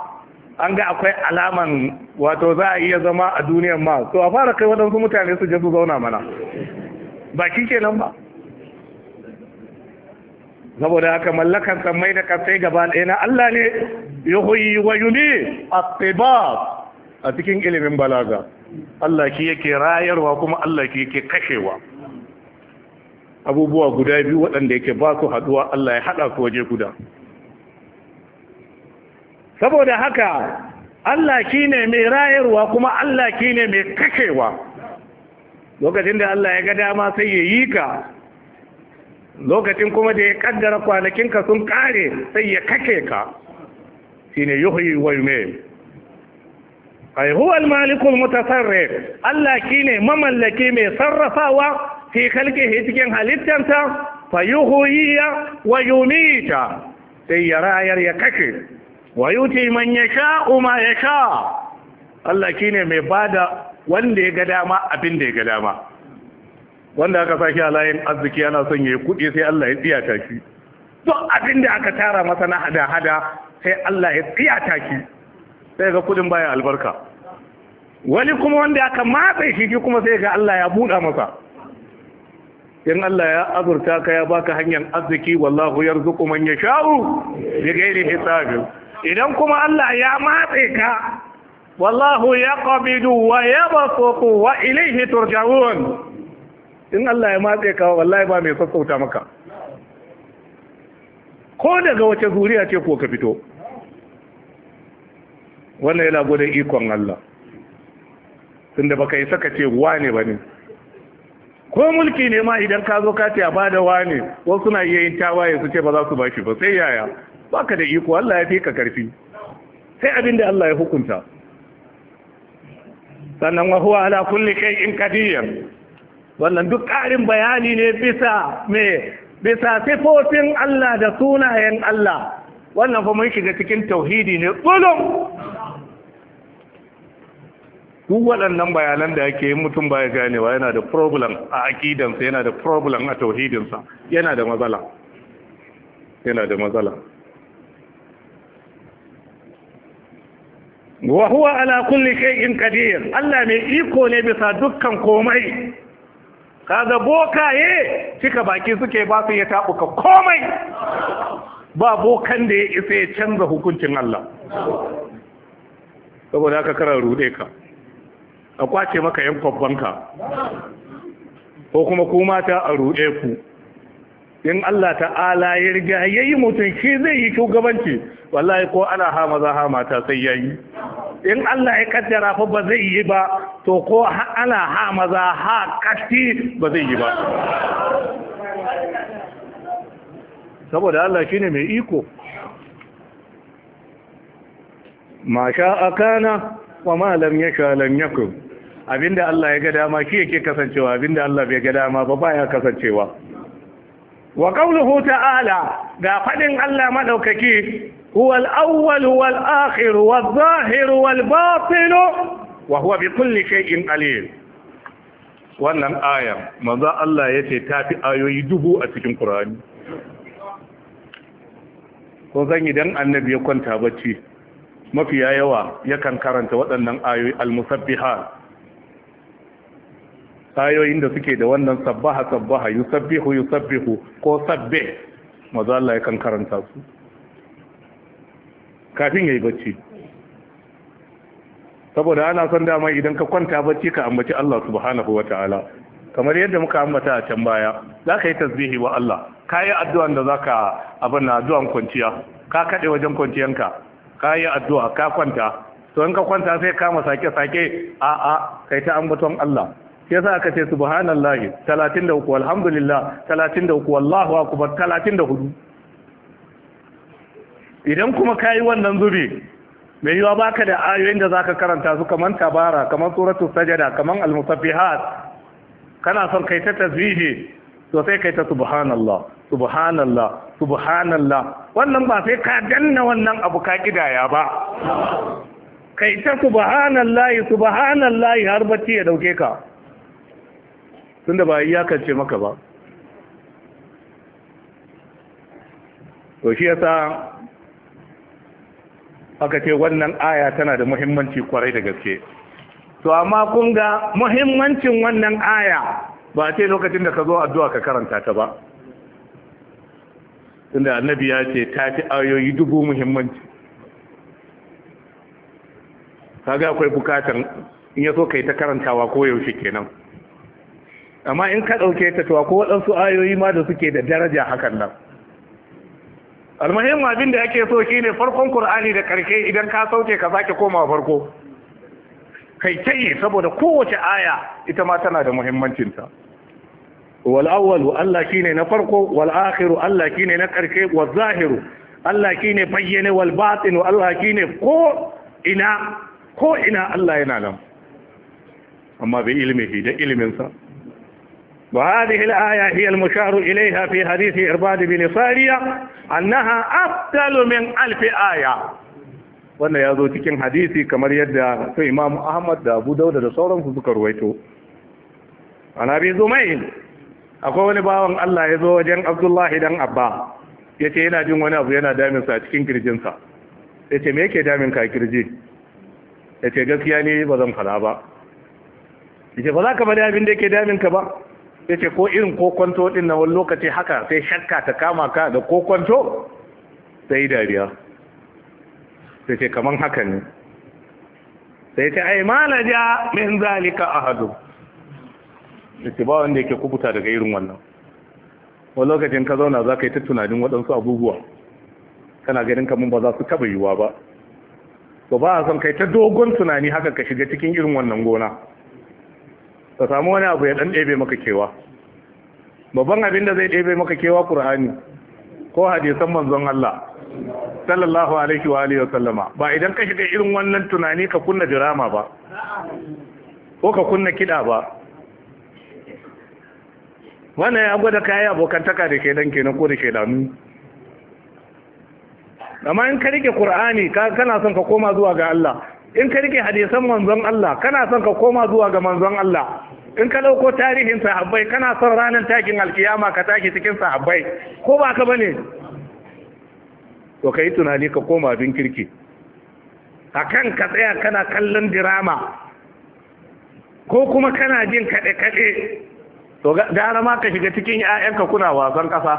S1: an ga akwai alaman wato za a iya zama a duniyan mars to a fara kai waɗansu mutane su je su zauna mana ba ke nan ba saboda haka mallakan sammai da kasai gaba ɗaya na Allah ne yuhuyi wa yumi at-tibab a cikin ilimin balaga Allah ki yake rayarwa kuma Allah ki yake kashewa abubuwa guda biyu waɗanda yake ba su haɗuwa Allah ya haɗa su waje guda saboda haka Allah ki ne mai rayarwa kuma Allah ki ne mai kashewa lokacin da Allah ya ga dama sai ya yi ka lokacin kuma da ya kaddara kwanakinka sun kare sai ya kake ka shine yuhyi wa yumiit ai huwa almalikul mutasarrif Allah ne, mamallaki mai sarrafawa fi khalqihi cikin halittansa fayuhyi wa yumita sai ya rayar ya kashe wa yuti man yasha ma yasha Allah ne, mai bada wanda ya ga dama abin da ya ga dama wanda aka shi a layin arziki yana son ya yi kuɗi sai Allah ya tsiyata shi duk abin da aka tara masa na hada-hada sai Allah ya tsiyata shi sai ga kudin baya albarka wani kuma wanda aka matsa shi shi kuma sai ga Allah ya buɗa masa in Allah ya azurta ka ya baka hanyar arziki wallahu yarzuqu man yasha'u bi ghairi hisab idan kuma Allah ya matse ka wallahu yaqbidu wa yabsutu wa ilayhi turja'un in Allah ya matse ka wallahi ba mai sassauta maka ko daga wace zuriya ce ko ka fito wannan yana gwada ikon Allah tunda baka yi saka ce wane ba ne ko mulki ne ma idan ka zo ka ce a bada wane wasu na iya yin tawaye su ce ba za su bashi ba sai yaya baka da iko Allah ya fi ka karfi sai abin da Allah ya hukunta sannan wa huwa ala kulli shay'in qadir wannan duk karin bayani ne bisa me bisa sifofin Allah da sunayen Allah wannan fa mun shiga cikin tauhidi ne tsulum duk waɗannan bayanan da yake yin mutum baya ganewa yana da problem a akidansa yana da problem a tauhidinsa yana da matsala yana da matsala wa huwa ala kulli shay'in qadir Allah mai iko ne bisa dukkan komai kaga bokaye cika baki suke ba su ya tabuka komai ba bokan da ya isa ya canza hukuncin Allah saboda aka kara rude ka a kwace maka yan kwabbanka ko kuma ku mata a rude ku in Allah ta'ala ya riga ya yi mutum shi zai yi shugabanci wallahi ko ana ha maza hama mata sai ya yi in Allah ya kaddara fa ba zai yi ba to ko ana ha maza ha kashi ba zai yi ba saboda Allah shine mai iko ma sha'a kana wa ma lam yasha lam yakun abinda Allah ya ga dama shi yake kasancewa abinda Allah bai ga dama ba baya kasancewa wa qawluhu ta'ala ga fadin Allah madaukaki huwa al-awwal wal akhir wal zahir wal batin wa huwa bi kulli shay'in wannan aya manzo Allah yace tafi ayoyi dubu a cikin Qur'ani ko zan idan annabi ya kwanta bacci mafiya yawa yakan karanta waɗannan ayoyi al-musabbiha ayoyin da suke da wannan sabbaha sabbaha yusabbihu yusabbihu ko sabbe maza Allah yakan karanta su kafin yayi bacci saboda ana son dama idan ka kwanta bacci ka ambaci Allah subhanahu wataala kamar yadda muka ambata a can baya za ka yi tasbihi wa Allah ka yi addu'an da za ka abin na addu'an kwanciya ka kaɗe wajen kwanciyanka ka yi addu'a ka kwanta to in ka kwanta sai kama sake-sake a a kai ta ambaton Allah sai sa aka ce subhanallah 33 alhamdulillah 33 wallahu akbar 34 idan kuma yi wannan zubi mai yiwa baka da ayoyin da zaka karanta su kaman tabara kaman suratul sajada kaman al-musaffihat kana son kai ta tasbihi to sai kai ta subhanallah subhanallah subhanallah wannan ba sai ka danna wannan abu ka kidaya ba kai ta subhanallahi subhanallahi har bacci ya dauke ka tunda ba iyakance maka ba to shi yasa aka ce wannan aya tana da muhimmanci kwarai da gaske to amma kun ga muhimmancin wannan aya ba ce lokacin da ka zo addu'a ka karanta ta ba tunda annabi ya ce ta fi ayoyi dubu muhimmanci kaga akwai bukatan in ya so kai ta karantawa ko yaushe kenan amma in ka ɗauke ta cewa ko waɗansu ayoyi ma da suke da daraja hakan nan almuhim abin da yake so shine farkon qur'ani da karke idan ka sauke ka sake koma farko kai kai saboda kowace aya ita ma tana da muhimmancinta wal awwalu Allah shine na farko wal akhiru Allah shine na karshe wal zahiru Allah shine bayyane wal batinu Allah shine ko ina ko ina Allah yana nan amma bai bi ilmihi da ilminsa وهذه الآية هي المشار إليها في حديث إرباد بن صارية أنها أفضل من ألف آية wannan ya zo cikin hadisi kamar yadda su imamu ahmad da abu dauda da sauransu suka ruwaito an bi zumail akwai wani bawan Allah ya zo wajen Abdullahi dan Abba ya ce yana jin wani abu yana daminsa a cikin kirjinsa ya ce me yake damin ka kirji ya ce gaskiya ne ba zan fada ba ya ce ba za ka bari abin da yake damin ka ba ya ce ko irin ko kwanto din na wani lokaci haka sai shakka ta kama ka da ko kwanto sai dariya ya ce kaman haka ne sai ce ai malaja min zalika ahadu yace ba wanda yake kubuta daga irin wannan wani lokacin ka zauna za ka yi ta tunanin waɗansu abubuwa kana ganin kamar ba za su taɓa yiwuwa ba Ba ba a son kai ta dogon tunani haka ka shiga cikin irin wannan gona ka samu wani abu ya ɗan ɗebe maka kewa babban abin da zai ɗebe maka kewa ƙur'ani ko hadisan manzon Allah sallallahu alaihi wa alihi wasallama ba idan ka shiga irin wannan tunani ka kunna dirama ba ko ka kunna kiɗa ba wannan ya gwada kayi abokantaka da shaidan kenan ko da shaidanu amma in ka rike qur'ani kana son ka koma zuwa ga Allah in ka rike hadisan manzon Allah kana son ka koma zuwa ga manzon Allah in ka dauko tarihin sahabbai kana son ranar takin alkiyama ka take cikin sahabbai ko ba ka bane to kai tunani ka koma bin kirki akan ka tsaya kana kallon dirama ko kuma kana jin kaɗe-kaɗe to gara ma ka shiga cikin 'ya'yanka kuna wasan ƙasa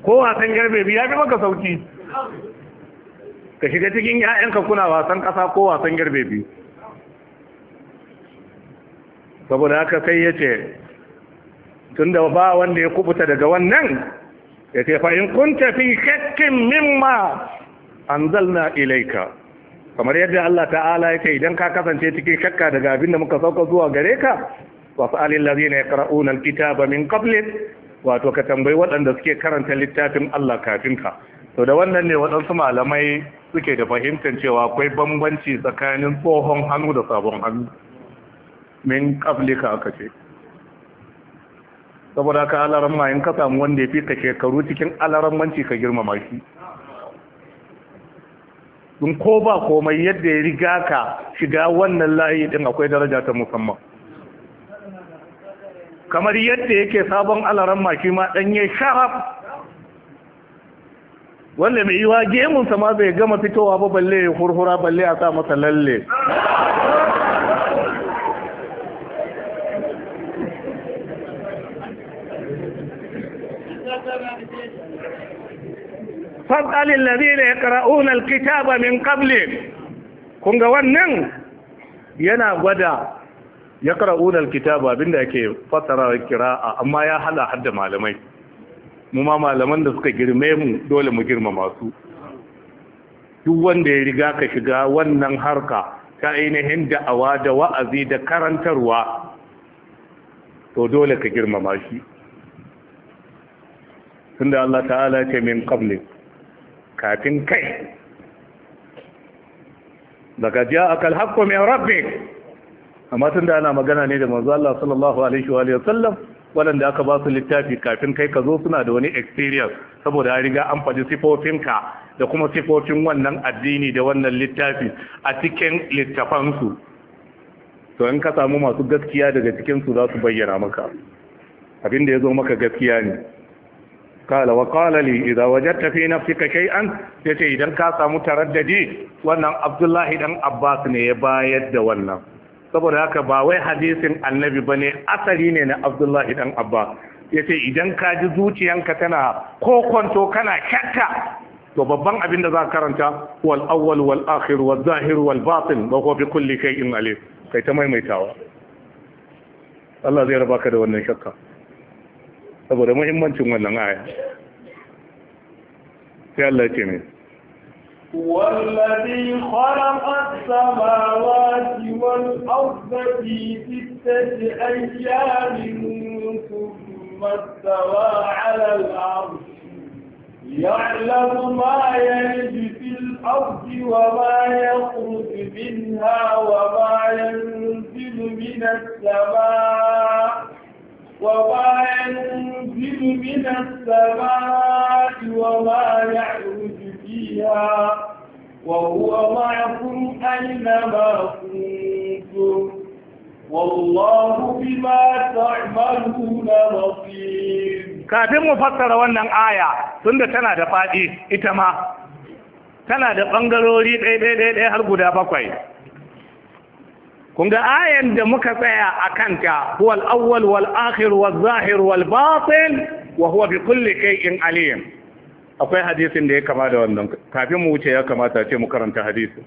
S1: ko wasan garbe ya fi maka sauki ka shiga cikin 'ya'yanka kuna wasan ƙasa ko wasan garbe biyu saboda haka sai ya ce tun da ba wanda ya kubuta daga wannan ya ce fa'in kun tafi kakkin mimma an zalna ilaika kamar yadda Allah ta'ala yake idan ka kasance cikin shakka daga abin da muka sauka zuwa gare ka wasu alillazi ne ƙara'un alkitaba min qablik wato ka tambayi waɗanda suke karanta littafin Allah kafin ka to da wannan ne waɗansu malamai suke da fahimtar cewa akwai bambanci tsakanin tsohon hannu da sabon hannu min qablika aka ce saboda ka alaran in ka samu wanda ya fi ka shekaru cikin alaran ka girmama shi in ko ba komai yadda ya riga ka shiga wannan layi din akwai daraja ta musamman kamar yadda yake sabon alaran maki ma ɗanye sharaf wanda mai yiwa gemunsa ma bai gama fitowa ba balle ya hurhura balle ya sa masa lalle ya alladhina yaqra'una alkitaba min qabli kun wannan yana gwada Ya yaqra'una alkitaba abinda yake fasara kira'a amma ya hada hadda malamai mu ma malaman da suka girme mu dole mu girma masu. duk wanda ya riga ka shiga wannan harka ta ainihin da'awa da wa'azi da karantarwa to dole ka girmama shi tunda Allah ta'ala ce min qablin kafin kai daga ji a haƙƙo mai rabbi amma tun da ana magana ne da manzo Allah sallallahu alaihi wa sallam waɗanda aka ba su littafi kafin kai ka zo suna da wani experience saboda ya riga an faɗi sifofinka da kuma sifofin wannan addini da wannan littafi a cikin littafansu to in ka samu masu gaskiya daga cikinsu za su bayyana maka abin da ya zo maka gaskiya ne قال وقال لي إذا وجدت yace نفسك ka samu taraddadi wannan abdullahi dan عبد ne ya bayar da wannan, saboda haka ba wai hadisin annabi ba ne asali ne na abdullahi dan abba ya ce idan ka ji zuciyanka tana kwanto kana shakka to babban abin da za ka karanta wal awwal wal akhir wal zahir wal batin wa huwa bi kulli shay'in alim kai ta maimaitawa Allah zai raba ka da wannan shakka saboda muhimmancin wannan aya sai Allah ce ne
S2: والذي خلق السماوات والأرض في ستة أيام ثم استوى على الأرض يعلم ما يلج في الأرض وما يخرج منها وما ينزل من السماء وما ينزل من السماء وما يعرج فيها وهو معكم أينما كنتم والله بما تعملون بصير
S1: kafin mu fassara wannan aya tunda tana da faɗi ita ma tana da ɓangarori ɗaya ɗaya ɗaya har guda bakwai Kunga ga ayan da muka tsaya a kanta huwal awwal wal akhir wal zahir wal batin wa huwa bi kulli shay'in alim akwai hadisin da ya kama da wannan kafin mu wuce ya kamata ce mu karanta hadisi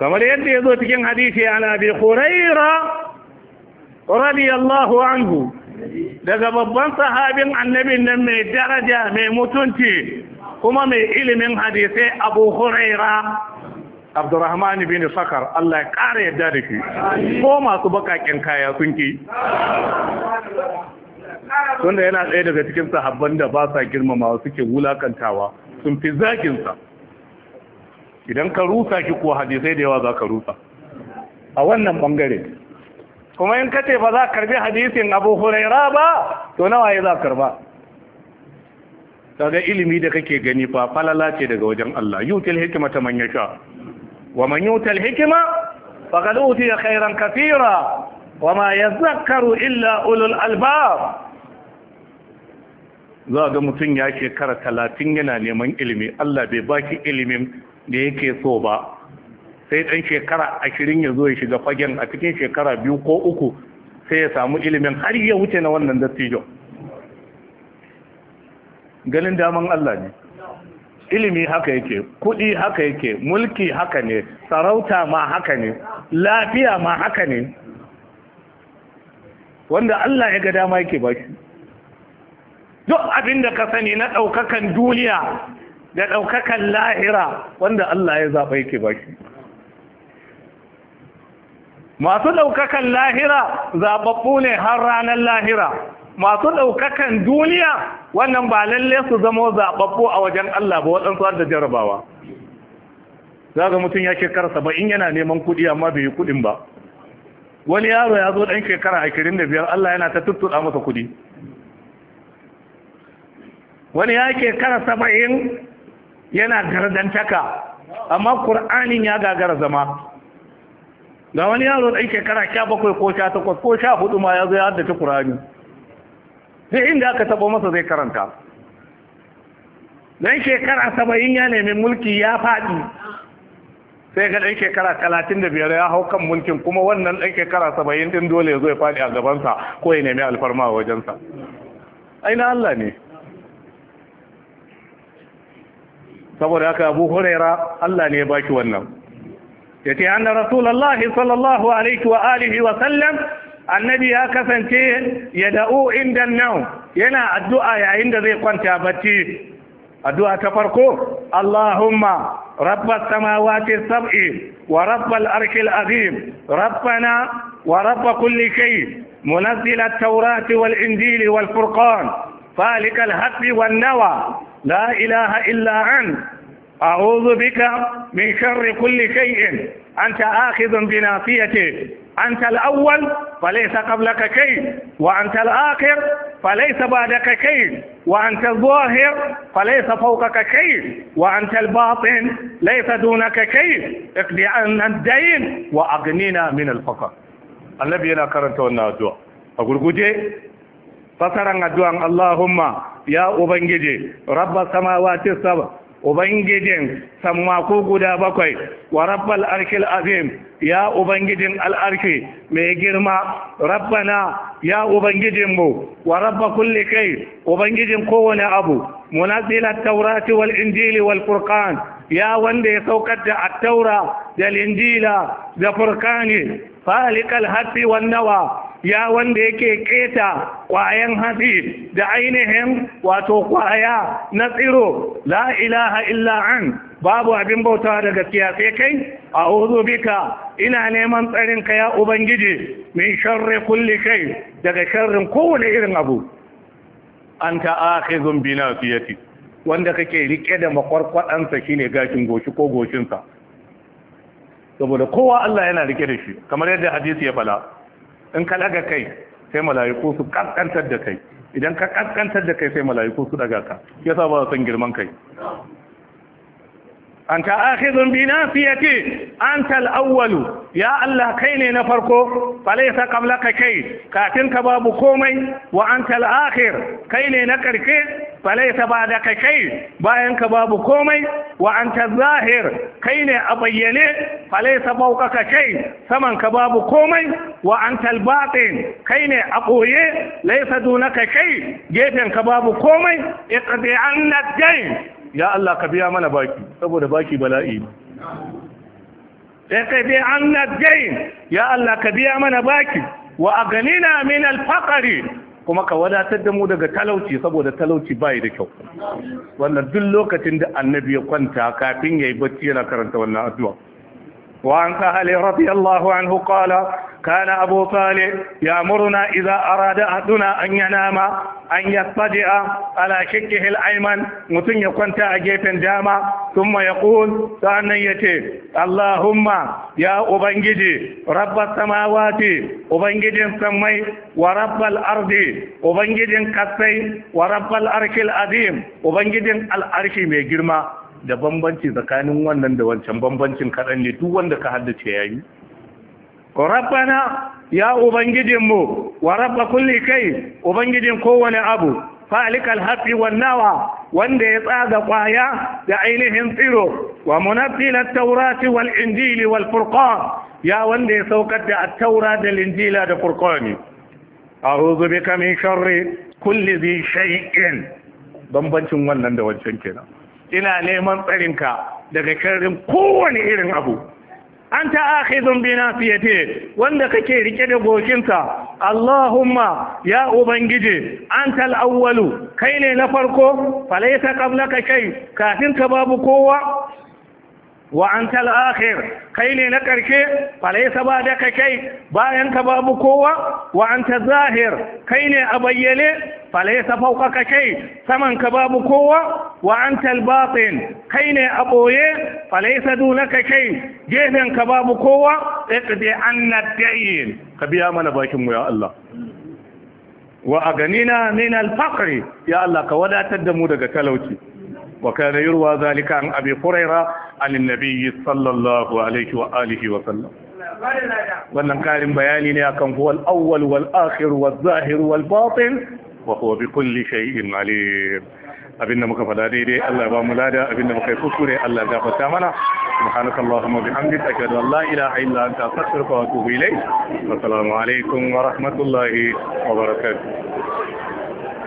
S1: kamar yadda ya zo cikin hadisi ana bi khuraira radiyallahu anhu daga babban sahabin annabin nan mai daraja mai mutunci kuma mai ilimin hadisai abu huraira Abdurrahman bin Sakar Allah ya ƙara yadda da shi ko masu bakaƙen kaya sun ke tunda yana ɗaya daga cikin sahabban da ba sa girmama suke wulakantawa sun fi zaginsa idan ka rusa shi kuwa hadisai da yawa za ka rusa a wannan bangare kuma in kace ba za karbi hadisin abu huraira ba to nawa ya za karba daga ilimi da kake gani fa falala ce daga wajen Allah yutil hikmata man sha. wa man yutal hikima faqad utiya khairan kathira wa ma yadhakkaru illa ulul albab za ga mutum ya shekara talatin yana neman ilimi Allah bai baki ilimin da yake so ba sai ɗan shekara ashirin ya zo ya shiga fagen a cikin shekara biyu ko uku sai ya samu ilimin har ya wuce na wannan dattijo ganin daman Allah ne ilimi haka yake kuɗi haka yake mulki haka ne sarauta ma haka ne lafiya ma haka ne wanda Allah ya ga dama yake ba shi duk abin da ka sani na ɗaukakan duniya da ɗaukakan lahira wanda Allah ya zaɓa yake ba shi masu ɗaukakan lahira zababbu ne har ranar lahira masu ɗaukakan duniya wannan ba lalle su zama zaɓaɓɓo a wajen Allah ba waɗansu da jarabawa za ga mutum ya shekara saba'in yana neman kuɗi amma bai yi kuɗin ba wani yaro ya zo ɗan shekara ashirin da biyar Allah yana ta tuttuɗa masa kuɗi wani ya shekara saba'in yana gardantaka amma ƙur'anin ya gagara zama ga wani yaro ɗan shekara sha bakwai ko sha takwas ko sha hudu ma ya zo ya haddace ƙur'ani Sai inda aka tabo masa zai karanta dan shekara saba'in ya nemi mulki ya faɗi sai ga ɗan shekara talatin da biyar ya hau kan mulkin kuma wannan ɗan shekara saba'in ɗin dole ya zo ya faɗi a gabansa ko ya nemi alfarma a wajensa aina Allah ne saboda haka abu huraira Allah ne ya baki wannan ya ce an da rasulallah sallallahu alaihi wa alihi wa sallam annabi ya kasance ya da'u inda nau yana addu'a yayin da zai kwanta bacci addu'a ta farko Allahumma rabbas samawati sab'i wa rabbal arshil azim rabbana wa rabb kulli shay منزل التوراة والإنجيل والفرقان فالك الحق والنوى لا إله إلا أنت أعوذ بك من شر كل شيء أنت آخذ بناصيته أنت الأول فليس قبلك كيد وأنت الآخر فليس بعدك كيد وأنت الظاهر فليس فوقك كيد وأنت الباطن ليس دونك كيد اقضي عنا الدين وأغنينا من الفقر النبي أنا كرنت وانا أدعو أقول قجي فسرن أدعو اللهم يا أبنجي رب السماوات السبع ubangijin sammako guda bakwai wa arkil azim ya ubangijin al'arki mai girma rabbana ya ubangijinmu warabba rabba kulli kai ubangijin kowane abu munazilar taurati wal injili wal ya wanda ya saukar da Attaura da Linjila da Furkani. falikal hatti wan nawa ya wanda yake keta kwayan hatsi da ainihin wato kwaya na tsiro la ilaha illa an babu abin bautawa da gaskiya sai kai a bika ina neman tsarin ka ya ubangiji min sharri kulli shay daga sharrin kowane irin abu anta akhizun bi nasiyati wanda kake rike da makwarkwadansa shine gashin goshi ko goshinsa saboda kowa Allah yana rike da shi kamar yadda hadisi ya fala in ka daga kai sai mala'iku su kaskantar da kai idan ka kaskantar da kai sai mala'iku su daga ka yasa ba san girman kai anta akhidhun bi nafiyati anta al-awwal ya allah kaine na farko falaysa qablaka kai kafin ka babu komai wa anta kai akhir kaine na karke falaysa ba'daka kai bayan ka babu komai wa anta zahir kaine a bayyane falaysa fawqaka kai saman ka babu komai wa anta al-batin kaine a koye laysa dunaka kai gefen ka babu komai iqdi annad ya Allah ka biya mana baki saboda baki bala'i sai kai bi an najjain ya Allah ka biya mana baki wa aganina min alfaqari kuma ka wadatar da mu daga talauci saboda talauci bai da kyau wannan duk lokacin da annabi ya kwanta kafin yayi bacci yana karanta wannan addu'a وعن سهل رضي الله عنه قال كان أبو طالب يأمرنا إذا أراد أحدنا أن ينام أن يضطجع على شكه الأيمن متن يكون تأجيب داما ثم يقول سأنا يتي اللهم يا أبنجدي رب السماوات أبنجدي سمي ورب الأرض أبنجدي كسي ورب الأرش العظيم أبنجدي الأرش ميجرما da bambanci tsakanin wannan da wancan bambancin kaɗan ne duk wanda ka haddace ya yi rabbana ya ubangijinmu wa rabba kulli kai ubangijin kowane abu falikal hafi wannawa wanda ya tsaga kwaya da ainihin tsiro wa munaffilat taurati wal injili wal furqan ya wanda ya saukar da at-taura da injila da furqani a'udhu bika min sharri kulli dhi shay'in bambancin wannan da wancan kenan ina neman tsarinka daga karin kowane irin abu an ta akhizun bi nasiyati wanda kake rike da gokinka Allahumma ya ubangiji antal awwalu kai ne na farko falaysa ka kai kafin ka babu kowa wa anta kai ne na karshe falaysa ba da kai bayan ka babu kowa wa zahir kai ne a bayyane fauka ka kai saman ka babu kowa wa anta kai ne a boye falaysa ka kai gefen ka babu kowa iqdi anna dayn ka biya mana bakin mu ya Allah wa aganina min al-faqri ya Allah ka wadatar da mu daga talauci وكان يروى ذلك عن أبي هريرة عن النبي صلى الله عليه وآله وسلم wannan karin bayani ne akan huwal awwal wal akhir wal zahir wal batin wa huwa bi kulli shay'in alim abinda muka fada daidai Allah ba mu lada abinda muka yi kuskure Allah ya gafarta mana subhanaka allahumma bihamdika ashhadu an la ilaha illa anta astaghfiruka wa atubu
S3: ilayk assalamu alaikum wa rahmatullahi wa barakatuh